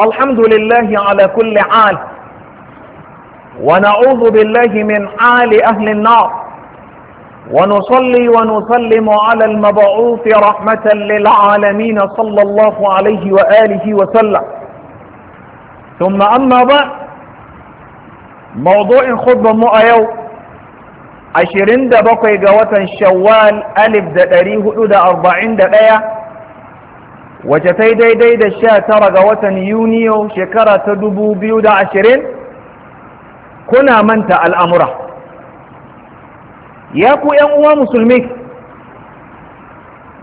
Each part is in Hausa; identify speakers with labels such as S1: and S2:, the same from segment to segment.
S1: الحمد لله على كل حال ونعوذ بالله من حال أهل النار ونصلي ونسلم على المبعوث رحمة للعالمين صلى الله عليه وآله وسلم ثم أما بعد موضوع خطبة مؤيو عشرين دبقي جواتا شوال ألف دا أربعين دا wace ta daidai da sha tara ga watan yuniyo shekara ta dubu biyu da ashirin kuna manta al'amura ya ku ‘yan uwa musulmi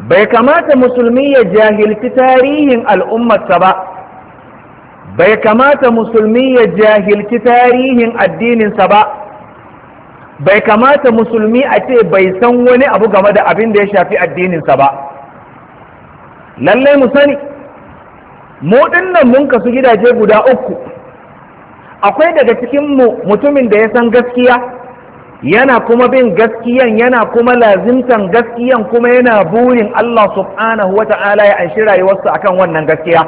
S1: bai kamata musulmi ya jahilci tarihin al'ummarsa ba bai kamata musulmi ya jahilci tarihin addininsa ba bai kamata musulmi a ce bai san wani abu game da abin da ya shafi addininsa ba lallai mu sani mu dinnan mun kasu gidaje guda uku akwai daga cikin mu mutumin da ya san gaskiya yana kuma bin gaskiyan yana kuma lazimtan gaskiyan kuma yana burin Allah subhanahu wa ta'ala ya anshi rayuwarsa akan wannan gaskiya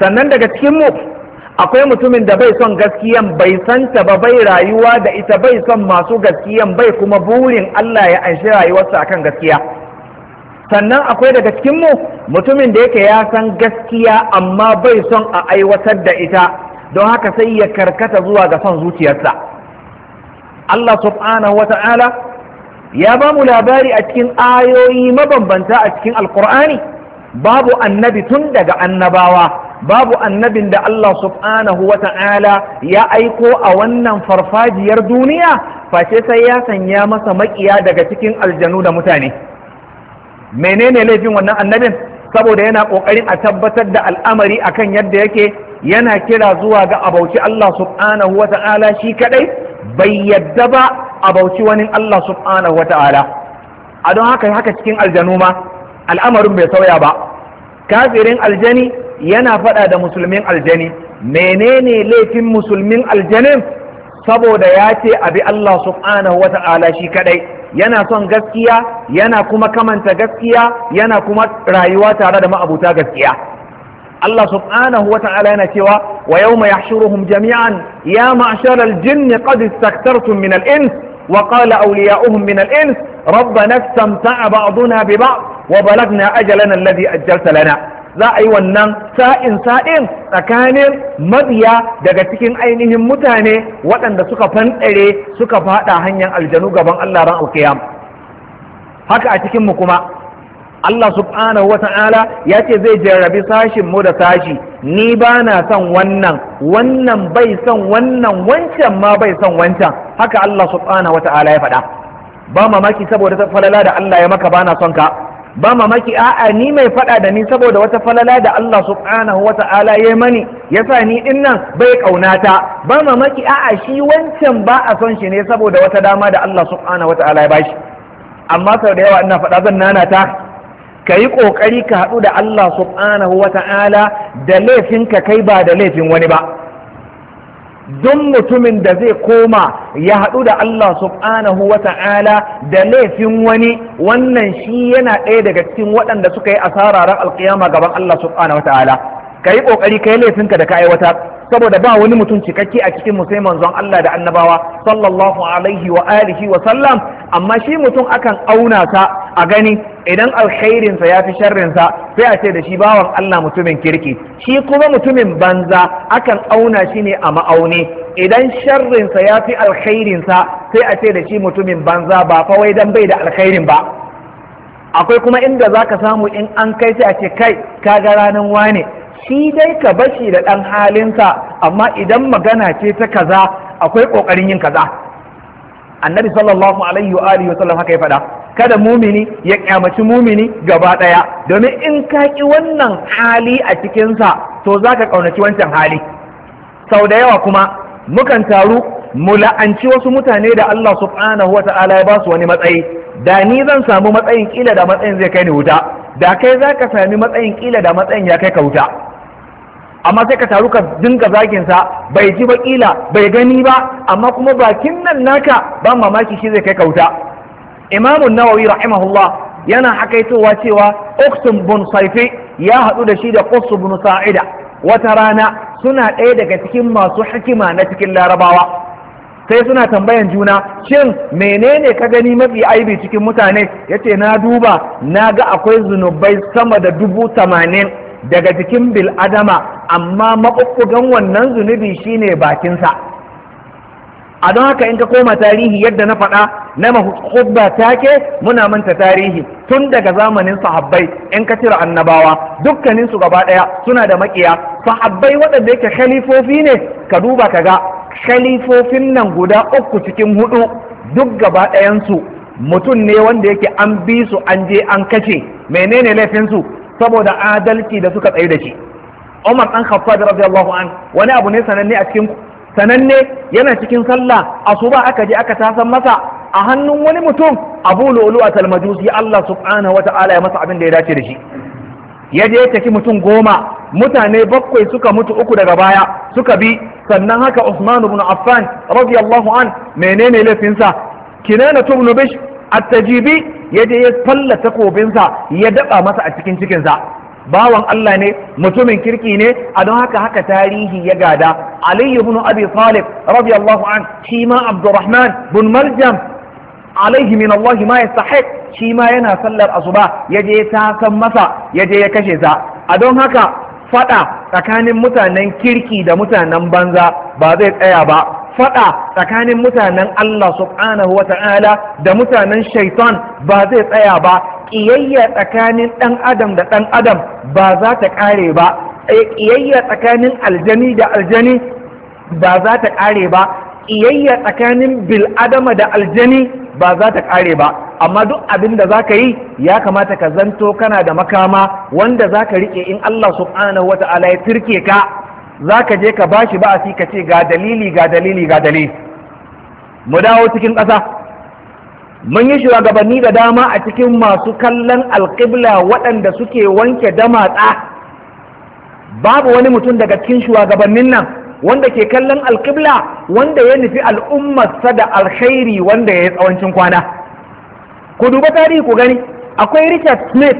S1: sannan daga cikin mu akwai mutumin da bai son gaskiyan bai santa ba bai rayuwa da ita bai son masu gaskiyan bai kuma burin Allah ya anshi rayuwarsa akan gaskiya sannan akwai daga cikinmu mutumin da yake ya san gaskiya amma bai son a aiwatar da ita don haka sai ya karkata zuwa ga son zuciyarsa Allah subhanahu wa ta'ala ya ba mu labari a cikin ayoyi mabambanta a cikin alkur'ani babu annabi tun daga annabawa babu annabin da Allah subhanahu wa ta'ala ya aiko a wannan farfajiyar duniya face sai ya sanya masa makiya daga cikin aljanu da mutane. menene laifin wannan annabin saboda yana kokarin a tabbatar da al'amari akan yadda yake yana kira zuwa ga abauci Allah subhanahu wa ta'ala shi kadai bai yadda ba abauci wani Allah subhanahu wa ta'ala a don haka haka cikin aljanu ma al'amarin bai sauya ba kafirin aljani yana faɗa da musulmin aljani menene laifin musulmin aljanin saboda ya ce abi Allah subhanahu wa ta'ala shi kadai yana son gaskiya yana kuma kamanta gaskiya yana kuma rayuwa tare da ma'abuta gaskiya Allah subhanahu wa ta'ala yana cewa wa yawma yahshuruhum jami'an ya ma'shar al-jinn qad istaktartum min al-ins wa qala awliya'uhum min al-ins rabbana istamta'a ba'duna bi ba'd wa balagna ajalana alladhi ajjalta lana za a yi wannan sa'in sa'in tsakanin mabiya daga cikin ainihin mutane waɗanda suka fanɗare suka faɗa hanyar aljanu gaban Allah ran alkiyam haka a cikin mu kuma Allah subhanahu wa ta'ala ya ce zai jarrabi sashin mu da sashi ni ba na son wannan wannan bai son wannan wancan ma bai son wancan haka Allah subhanahu wa ta'ala ya faɗa ba mamaki saboda ta falala da Allah ya maka bana son ka ba mamaki a'a ni mai fada da ni saboda wata falala da Allah subhanahu ta'ala ya mani yasa ni dinnan bai kaunata ba mamaki a'a shi wancan ba a son shi ne saboda wata dama da Allah subhanahu ta'ala ya bashi amma sau da yawa ina faɗa zan nana ta ka yi ƙoƙari ka haɗu da Allah subhanahu wata'ala da laifin ka kai ba da laifin wani ba duk mutumin da zai koma ya haɗu da Allah subhanahu wa ta'ala da laifin wani wannan shi yana ɗaya daga cikin waɗanda suka yi asara ran alkiyama gaban Allah subhanahu wa ta'ala ka yi ƙoƙari ka yi laifinka da ka aiwata saboda ba wani mutum cikakke a cikin mu sai manzon Allah da annabawa sallallahu alaihi wa alihi wa sallam amma shi mutum akan auna ta a gani idan alkhairinsa ya fi sharrinsa sai a ce da shi bawan Allah mutumin kirki shi kuma mutumin banza akan auna shi ne a ma'auni idan sharrinsa ya fi alkhairinsa sai a ce da shi mutumin banza ba fa wai dan bai da alkhairin ba akwai kuma inda za ka samu in an kai sai a ce kai ka ga ranar wane shi dai ka bashi da ɗan halinsa amma idan magana ce ta kaza akwai ƙoƙarin yin kaza annabi sallallahu alaihi wa alihi wa sallam haka ya faɗa kada mumini ya kyamaci mumini gaba ɗaya domin in ka ƙi wannan hali a cikinsa to za ka ƙaunaci wancan hali sau da yawa kuma mukan taru mu la'anci wasu mutane da Allah subhanahu wata'ala ya ba su wani matsayi da ni zan samu matsayin kila da matsayin zai kai ni wuta da kai za ka sami matsayin kila da matsayin ya kai ka wuta amma sai ka taru ka dinga zagin sa bai ji ba kila bai gani ba amma kuma bakin nan naka ban mamaki shi zai kai ka wuta. Imamun nawawi rahimahullah yana hakaitowa cewa uktun bin saifi ya haɗu da shi da qussu bin sa'ida wata rana suna ɗaya daga cikin masu hikima na cikin larabawa sai suna tambayan juna shin menene ka gani mafi aibi cikin mutane yace na duba na ga akwai zunubai sama da dubu tamanin daga cikin bil'adama amma maɓuɓɓugan wannan zunubi shine bakinsa a don haka in ka koma tarihi yadda na faɗa na hudba take muna manta tarihi tun daga zamanin sahabbai in ka cire annabawa dukkanin su gaba ɗaya suna da makiya sahabbai waɗanda yake khalifofi ne ka duba ka ga khalifofin nan guda uku cikin hudu duk gaba ɗayansu mutum ne wanda yake an bi su an je an kashe menene laifinsu saboda adalci da suka tsaye da shi Umar ɗan Khattab radiyallahu an wani abu ne sananne a cikin sananne yana cikin sallah asuba aka je aka tasan masa a hannun wani mutum abu lu'lu'a talmajusi Allah subhanahu wata'ala ya masa abin da ya dace da shi ya je ya mutum goma mutane bakwai suka mutu uku daga baya suka bi sannan haka Usman ibn Affan radiyallahu an menene laifinsa kinana ibn Bish at-Tajibi ya je ya falla takobinsa ya daba masa a cikin cikinsa bawan Allah ne mutumin kirki ne a don haka haka tarihi ya gada Ali ibn Abi Talib radiyallahu an shi ma Abdurrahman bin Maljam alaihi min Allah ma yastahiq shi ma yana sallar asuba yaje ya san masa yaje ya kashe sa a don haka fada tsakanin mutanen kirki da mutanen banza ba zai tsaya ba fada tsakanin mutanen Allah subhanahu wa ta'ala da mutanen shaitan ba zai tsaya ba ƙiyayya tsakanin ɗan adam da ɗan adam ba za ta ƙare ba ƙiyayya eh, tsakanin aljani da aljani ba za ta ƙare ba ƙiyayya tsakanin bil'adama da aljani ba za ta ƙare ba amma duk abin da za ka yi ya kamata ka zanto kana da makama wanda za ka riƙe in Allah subhanahu wa ta'ala ya turke ka za ka je ka bashi ba ka ce ga dalili ga dalili mu dawo cikin ƙasa mun yi shugabanni da dama a cikin masu kallon alƙibla waɗanda suke wanke damatsa babu wani mutum daga cikin shugabannin nan wanda ke kallon alƙibla wanda ya nufi al'ummarsa da alkhairi wanda ya yi tsawancin kwana ku duba tarihi ku gani akwai richard smith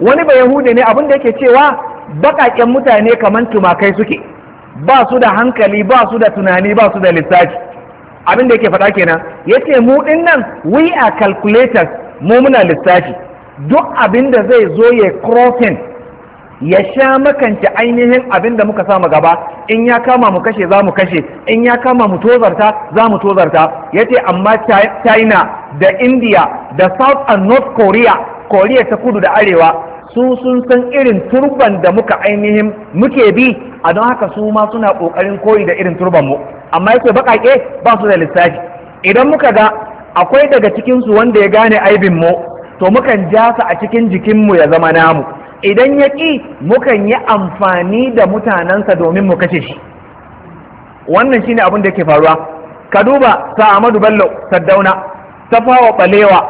S1: wani ba hude ne abinda yake cewa baƙaƙen mutane kamar tumakai suke ba su da hankali ba su da tunani ba su da lissafi abin da yake faɗa kenan yace mu ɗin nan we are calculators mu muna lissafi duk abin da zai zo ya crossing ya sha makance ainihin abin da muka samu gaba in ya kama mu kashe za mu kashe in ya kama mu tozarta za mu tozarta ya ce amma china da india da south and north korea korea ta kudu da arewa su sun san irin turban da muka ainihin muke bi a don haka su ma suna ƙoƙarin koyi da irin turban mu amma yake baƙaƙe ba su da lissafi idan muka ga akwai daga cikin su wanda ya gane aibin mu to mukan ja su a cikin jikin mu ya zama namu idan ya ƙi mukan yi amfani da mutanensa domin mu kashe shi wannan shine abin da yake faruwa ka duba sa Ahmadu Bello Saddauna Safawa Balewa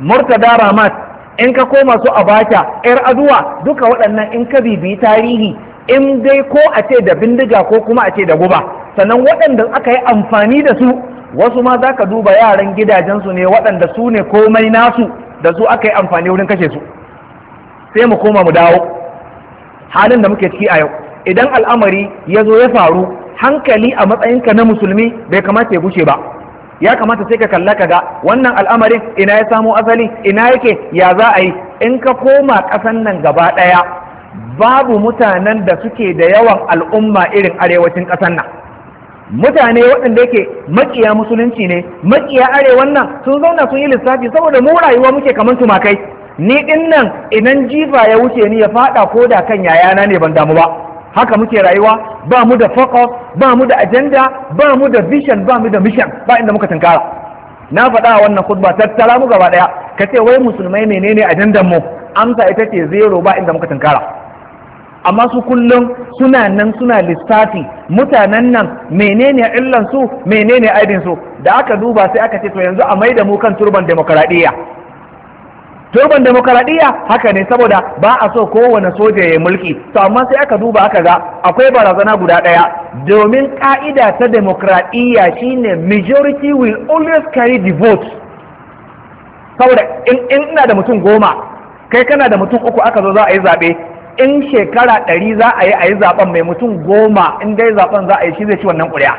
S1: Murtada Ramat in ka koma su a baka ‘yar aduwa duka waɗannan in ka bibi tarihi in dai ko a ce da bindiga ko kuma a ce da guba sannan waɗanda aka yi amfani da su wasu ma za ka duba yaran gidajensu ne waɗanda su ne komai nasu da su aka yi amfani wurin kashe su sai mu koma mu dawo halin da muke ciki a yau idan al'amari ya zo ya faru hankali a matsayinka na musulmi bai kamata ya bushe ba ya kamata sai ka kalla ka ga wannan al'amarin ina ya samo asali ina yake ya za a yi in ka koma ƙasan nan gaba ɗaya babu mutanen da suke da yawan al'umma irin arewacin ƙasar nan mutane waɗanda yake makiya musulunci ne makiya arewan nan sun zauna sun yi lissafi saboda mu rayuwa muke kamar tumakai ni din nan idan jifa ya wuce ni ya faɗa ko da kan yayana ne ban damu ba haka muke rayuwa ba mu da focus ba mu da agenda ba mu da vision ba mu da mission ba inda muka tunkara na faɗa wannan khutba tattara mu gaba ɗaya ka ce wai musulmai menene ajandan mu amsa ita ce zero ba inda muka tunkara amma su kullum suna nan suna lissafi mutanen nan menene illan su menene aibin su da aka duba sai aka ce to yanzu a maida mu kan turban demokradiyya turban demokradiyya haka ne saboda ba a so kowane soja ya mulki to amma sai aka duba aka ga akwai barazana guda daya domin ka'ida ta demokradiyya shine majority will always carry the vote saboda in ina da mutum goma kai kana da mutum uku aka zo za a yi zaɓe in shekara ɗari za a yi a yi zaɓen mai mutum goma in dai zaɓen za a yi shi zai ci wannan ƙuri'a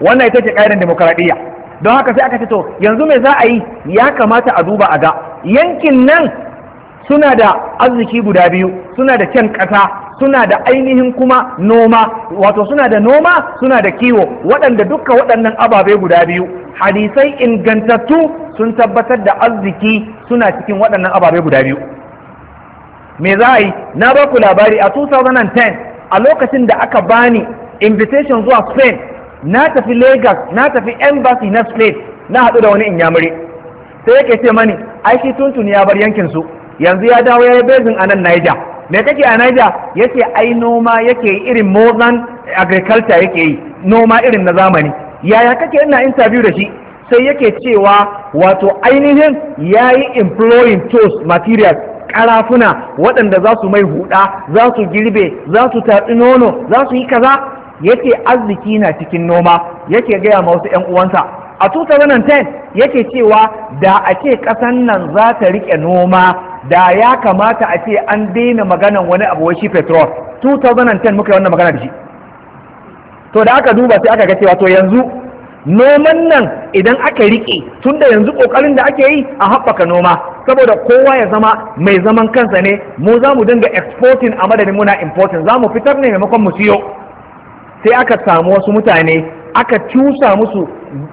S1: wannan ita ce ƙa'idan demokaradiyya don haka sai aka ce to yanzu mai za a yi ya kamata a duba a ga yankin nan suna da arziki guda biyu suna da kyan ƙasa suna da ainihin kuma noma wato suna da noma suna da kiwo waɗanda duka waɗannan ababe guda biyu hadisai ingantattu sun tabbatar da arziki suna cikin waɗannan ababe guda biyu me za a yi na ba ku labari a 2010 a lokacin da aka bani invitation zuwa spain na tafi lagos na tafi embassy na spain na haɗu da wani inyamuri sai yake ce mani aiki tuntun ya bar yankin su yanzu ya dawo ya yi bezin a nan niger me kake a niger yace ai noma yake irin modern agriculture yake yi noma irin na zamani yaya kake ina interview da shi sai yake cewa wato ainihin ya yi employing tools materials karafuna waɗanda za su mai huɗa za su girbe za su tatsi nono za su yi kaza yake arziki na cikin noma yake gaya ma wasu yan uwansa a 2010 yake cewa da a ce ƙasan nan za ta riƙe noma da ya kamata a ce an daina maganan wani abu wai shi petrol 2010 muka yi wannan magana da shi to da aka duba sai aka ga cewa to yanzu noman nan idan aka riƙe tun da yanzu ƙoƙarin da ake yi a haɓaka noma saboda kowa ya zama mai zaman kansa ne mu za mu dinga exporting a madadin muna importing za mu fitar ne maimakon mu siyo sai aka samu wasu mutane aka cusa musu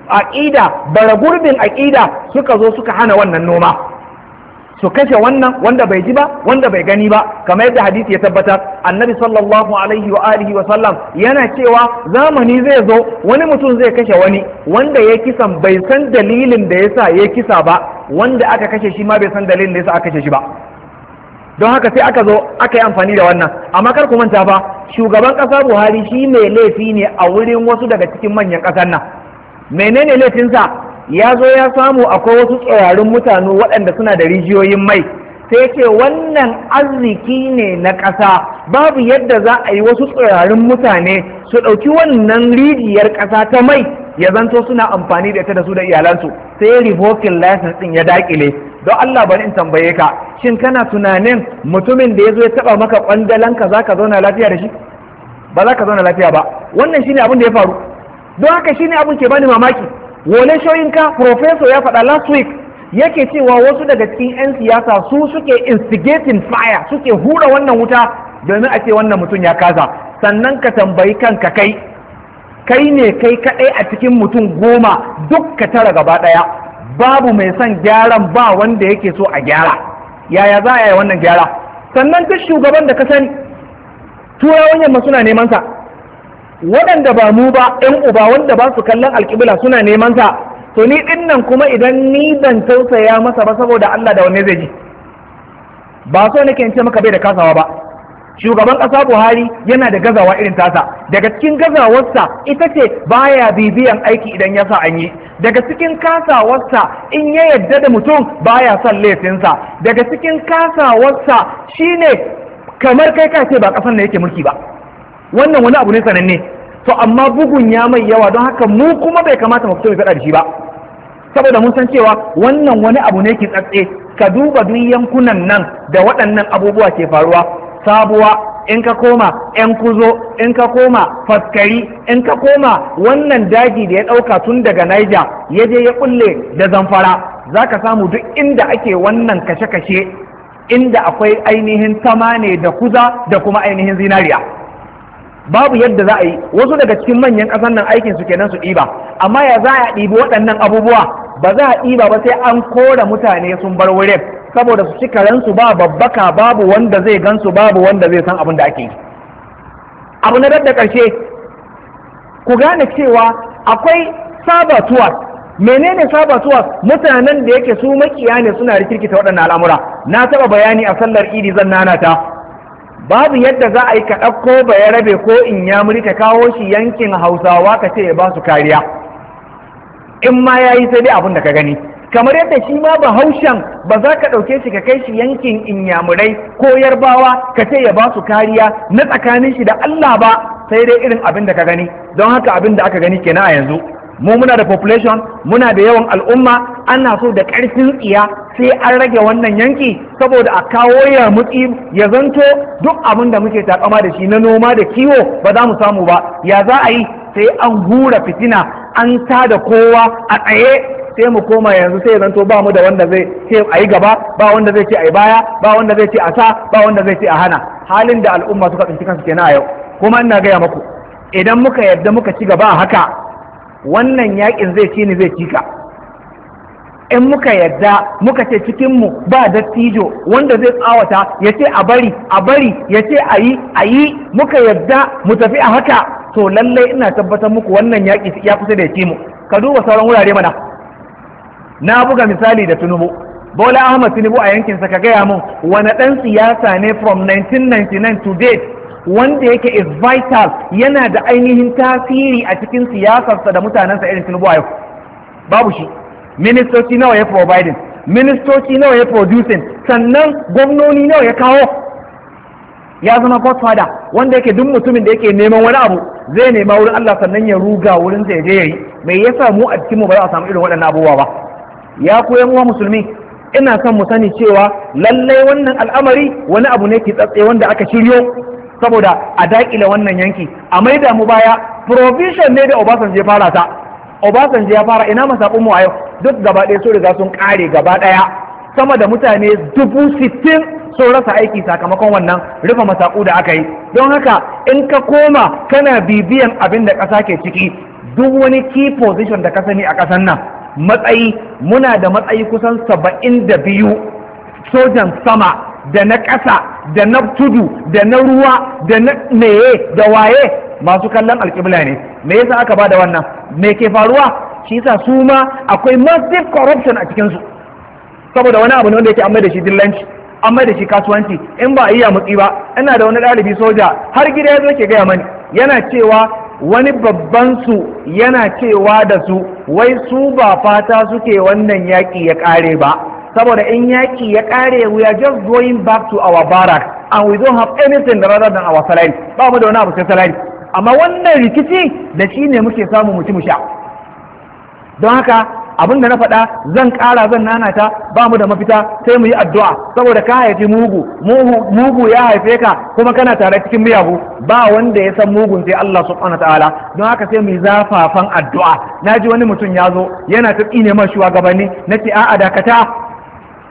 S1: aƙida bara gurbin aƙida suka zo suka hana wannan noma su kashe wannan wanda bai ji ba wanda bai gani ba kamar yadda hadisi ya tabbata, annabi sallallahu alaihi wa alihi wa sallam yana cewa zamani zai zo wani mutum zai kashe wani wanda ya kisan bai san dalilin da yasa ya kisa ba wanda aka kashe shi ma bai san dalilin da yasa aka kashe shi ba don haka sai aka zo aka yi amfani da wannan amma kar ku manta fa shugaban ƙasa Buhari shi mai laifi ne a wurin wasu daga cikin manyan ƙasar nan menene laifin sa ya zo ya samu akwai wasu tsirarun mutane waɗanda suna da rijiyoyin mai sai ce wannan arziki ne na ƙasa babu yadda za a yi wasu tsirarun mutane su ɗauki wannan rijiyar ƙasa ta mai ya zanto suna amfani da ita da su da iyalansu sai revoking license din ya dakile don Allah bari in tambaye ka shin kana tunanin mutumin da ya zo ya taba maka kwandalan ka zaka zauna lafiya da shi ba za ka zauna lafiya ba wannan shine abin da ya faru don haka shine abin ke bani mamaki wole ka? professor ya faɗa last week yake cewa wasu daga cikin 'yan siyasa su suke instigating fire suke hura wannan wuta domin a ce wannan mutum ya kasa, sannan ka tambayi kanka kai kai ne kai kaɗai a cikin mutum goma duk ka tara gaba ɗaya babu mai son gyaran ba wanda yake so a gyara yaya za a yi wannan gyara sannan duk shugaban da ka sani turawan yamma suna neman sa waɗanda ba mu ba 'yan uba wanda ba su kallon alƙibla suna neman sa to ni ɗin kuma idan ni ban tausaya masa ba saboda Allah da wanne zai ji ba so nake in ce maka bai da kasawa ba shugaban ƙasa buhari yana da gazawa irin tasa daga cikin gazawarsa ita ce baya bibiyan aiki idan ya sa an yi daga cikin kasawarsa in ya yadda da mutum baya son laifinsa daga cikin kasawarsa shine kamar kai ka ba ƙasar da yake mulki ba wannan wani abu ne sananne to amma bugun ya mai yawa don haka mu kuma bai kamata mu fito mu da shi ba saboda mun san cewa wannan wani abu ne ke tsatse ka duba duk yankunan nan da waɗannan abubuwa ke faruwa sabuwa in ka koma yan kuzo in ka koma faskari in ka koma wannan daji da ya ɗauka tun daga Niger ya je ya kulle da zamfara za ka samu duk inda ake wannan kashe-kashe inda akwai ainihin tama ne da kuza da kuma ainihin zinariya babu yadda za a yi wasu daga cikin manyan ƙasar nan aikin su kenan su ɗiba amma ya za a ɗibi waɗannan abubuwa ba za a ɗiba ba sai an kora mutane sun bar wurin saboda su cika ransu ba babbaka babu wanda zai gansu babu wanda zai san abin da ake yi abu na dadda ƙarshe ku gane cewa akwai sabatuwa menene sabatuwa mutanen da yake su makiya ne suna rikirkita waɗannan al'amura na taɓa bayani a sallar idi zan nanata babu yadda za a yi ka ɗauko ba ya rabe ko in ya ka kawo shi yankin hausawa ka ce ya ba su kariya in ma ya yi sai dai abin da ka gani kamar yadda shi ma ba bahaushen ba za ka ɗauke shi ka kai shi yankin inyamurai ko yarbawa ka ce ya ba su kariya na tsakanin shi da Allah ba sai dai irin abin da ka gani don haka abin da aka gani kenan a yanzu mu muna da population muna da yawan al'umma ana so da ƙarfin tsiya sai an rage wannan yanki saboda a kawo ya mutsi ya zanto duk abin da muke takama da shi na noma da kiwo ba za mu samu ba ya za a yi sai an hura fitina an da kowa a tsaye sai mu koma yanzu sai zan to ba mu da wanda zai ce a yi gaba ba wanda zai ce a yi baya ba wanda zai ce a sa ba wanda zai ce a hana halin da al'umma suka tsinci kansu kenan a yau kuma ina gaya muku idan muka yarda muka ci gaba a haka wannan yakin zai ci ni zai ci ka in muka yarda muka ce cikin mu ba dattijo wanda zai tsawata ya ce a bari a bari ya ce a yi a yi muka yarda mu tafi a haka to lallai ina tabbatar muku wannan yaƙi ya kusa da ya ci mu ka duba sauran wurare mana na buga misali da tunubu bola ahmad tinubu a yankinsa ka gaya mun wani ɗan siyasa ne from 1999 to date wanda yake is vital yana da ainihin tasiri a cikin siyasarsa da mutanensa irin tinubu a yau babu shi ministoci nawa ya providing ministoci nawa ya producing sannan gwamnoni nawa ya kawo ya zama godfather wanda yake duk mutumin da yake neman wani abu zai nema wurin Allah sannan ya ruga wurin zai je yayi me yasa mu a cikin mu ba za a samu irin waɗannan abubuwa ba ya ku yan uwa musulmi ina son mu sani cewa lallai wannan al'amari wani abu ne ke tsatse wanda aka shiryo saboda a daƙile wannan yanki a maida mu baya provision ne da Obasanje ya fara ta Obasanjo ya fara ina masakun mu a yau duk gaba ɗaya sun riga sun ƙare gaba ɗaya sama da mutane dubu sittin sun rasa aiki sakamakon wannan rufe masaku da aka yi don haka in ka koma kana bibiyan abin da ƙasa ke ciki duk wani key position da ka sani a ƙasar nan matsayi muna da matsayi kusan saba'in da biyu sojan sama da na ƙasa da na tudu da na ruwa da na meye da waye masu kallon alƙibla ne me yasa aka ba da wannan me ke faruwa shi yasa su ma akwai massive corruption a cikin su saboda wani abu ne wanda yake amma da shi dillanci amma da shi kasuwanci in ba a yi iya mutsi ba ina da wani ɗalibi soja har gida ya zo ke gaya mani yana cewa wani babban su yana cewa da su wai su ba fata suke wannan yaƙi ya ƙare ba saboda in yaƙi ya ƙare we are just going back to our barrack and we don't have anything rather than our salary ba mu da wani abu sai salary amma wannan rikici da shi ne muke samu mutum sha don haka Abin da na faɗa zan ƙara zan nanata ba mu da mafita sai mu yi addu'a saboda ka haifi mugu mugu ya haife ka kuma kana tare cikin miyagu ba wanda ya san mugun sai Allah subhanahu ta'ala don haka sai mu yi zafafan addu'a naji wani mutum ya zo yana ta ƙine man shugabanni nace a'a dakata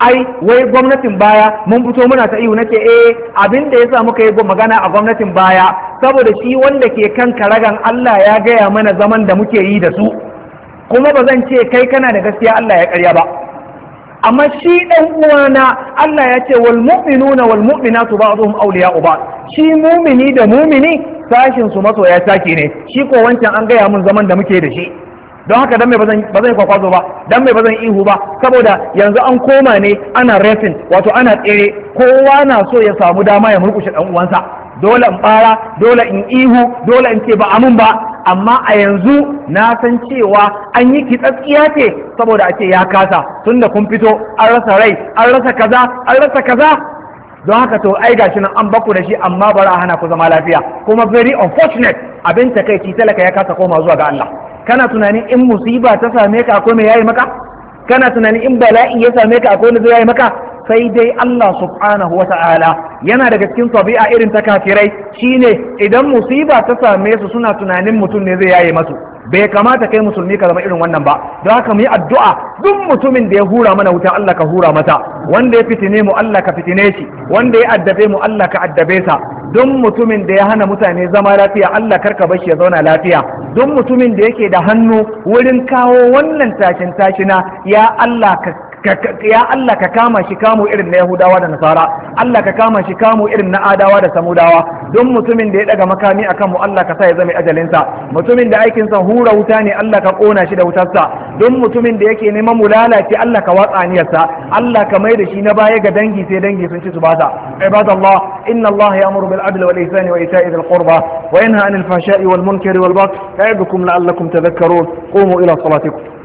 S1: ai wai gwamnatin baya mun fito muna ta ihu nake eh abin da yasa muka yi magana a gwamnatin baya saboda shi wanda ke kan karagan Allah ya gaya mana zaman da muke yi da su kuma ba zan ce kai kana da gaskiya Allah ya karya ba amma shi dan uwana Allah ya ce wal mu'minuna wal mu'minatu ba'dhum awliya'u uba. shi mumini da mumini sashin su masoya saki ne shi ko wancan an gaya mun zaman da muke da shi don haka dan me ba zan kwakwazo ba dan me bazan ihu ba saboda yanzu an koma ne ana racing wato ana tsere kowa na so ya samu dama ya murkushe dan uwansa dole in bara dole in ihu dole in ce ba min ba amma a yanzu na san cewa an yi kitsaskiya ce saboda a ce ya kasa tunda kun fito an rasa rai an rasa kaza an rasa kaza don haka to ai gashi nan an baku da shi amma bara hana ku zama lafiya kuma very unfortunate abin ta takaici talaka ya kasa koma zuwa ga Allah kana tunanin in musiba ta same ka akwai mai yayi maka kana tunanin in bala'i ya same ka akwai wanda zai yayi maka sai dai Allah subhanahu wa ta'ala yana daga cikin tabi'a irin ta kafirai shine idan musiba ta same su suna tunanin mutum ne zai yaye masu bai kamata kai musulmi ka zama irin wannan ba don haka mu yi addu'a duk mutumin da ya hura mana wuta Allah ka hura mata wanda ya fitine mu Allah ka fitine shi wanda ya addabe mu Allah ka addabe sa duk mutumin da ya hana mutane zama lafiya Allah karka bashi ya zauna lafiya duk mutumin da yake da hannu wurin kawo wannan tashin tashina ya Allah ka ya Allah ka kama shi kamo irin na Yahudawa da Nasara Allah ka kama shi kamo irin na Adawa da Samudawa don mutumin da ya daga makami akan mu Allah ka sa ya zama ajalinsa mutumin da aikin sa hura wuta ne Allah ka kona shi da wutarsa don mutumin da yake neman mu lalace Allah ka watsa aniyarsa Allah ka mai da shi na baya ga dangi sai dangi sun ci su bata ibadallah inna Allah ya'muru bil adli wal ihsani wa ita'i dhil qurba wa yanha 'anil fahsha'i wal munkari wal baghi ya'idukum la'allakum tadhakkarun qumu ila salatikum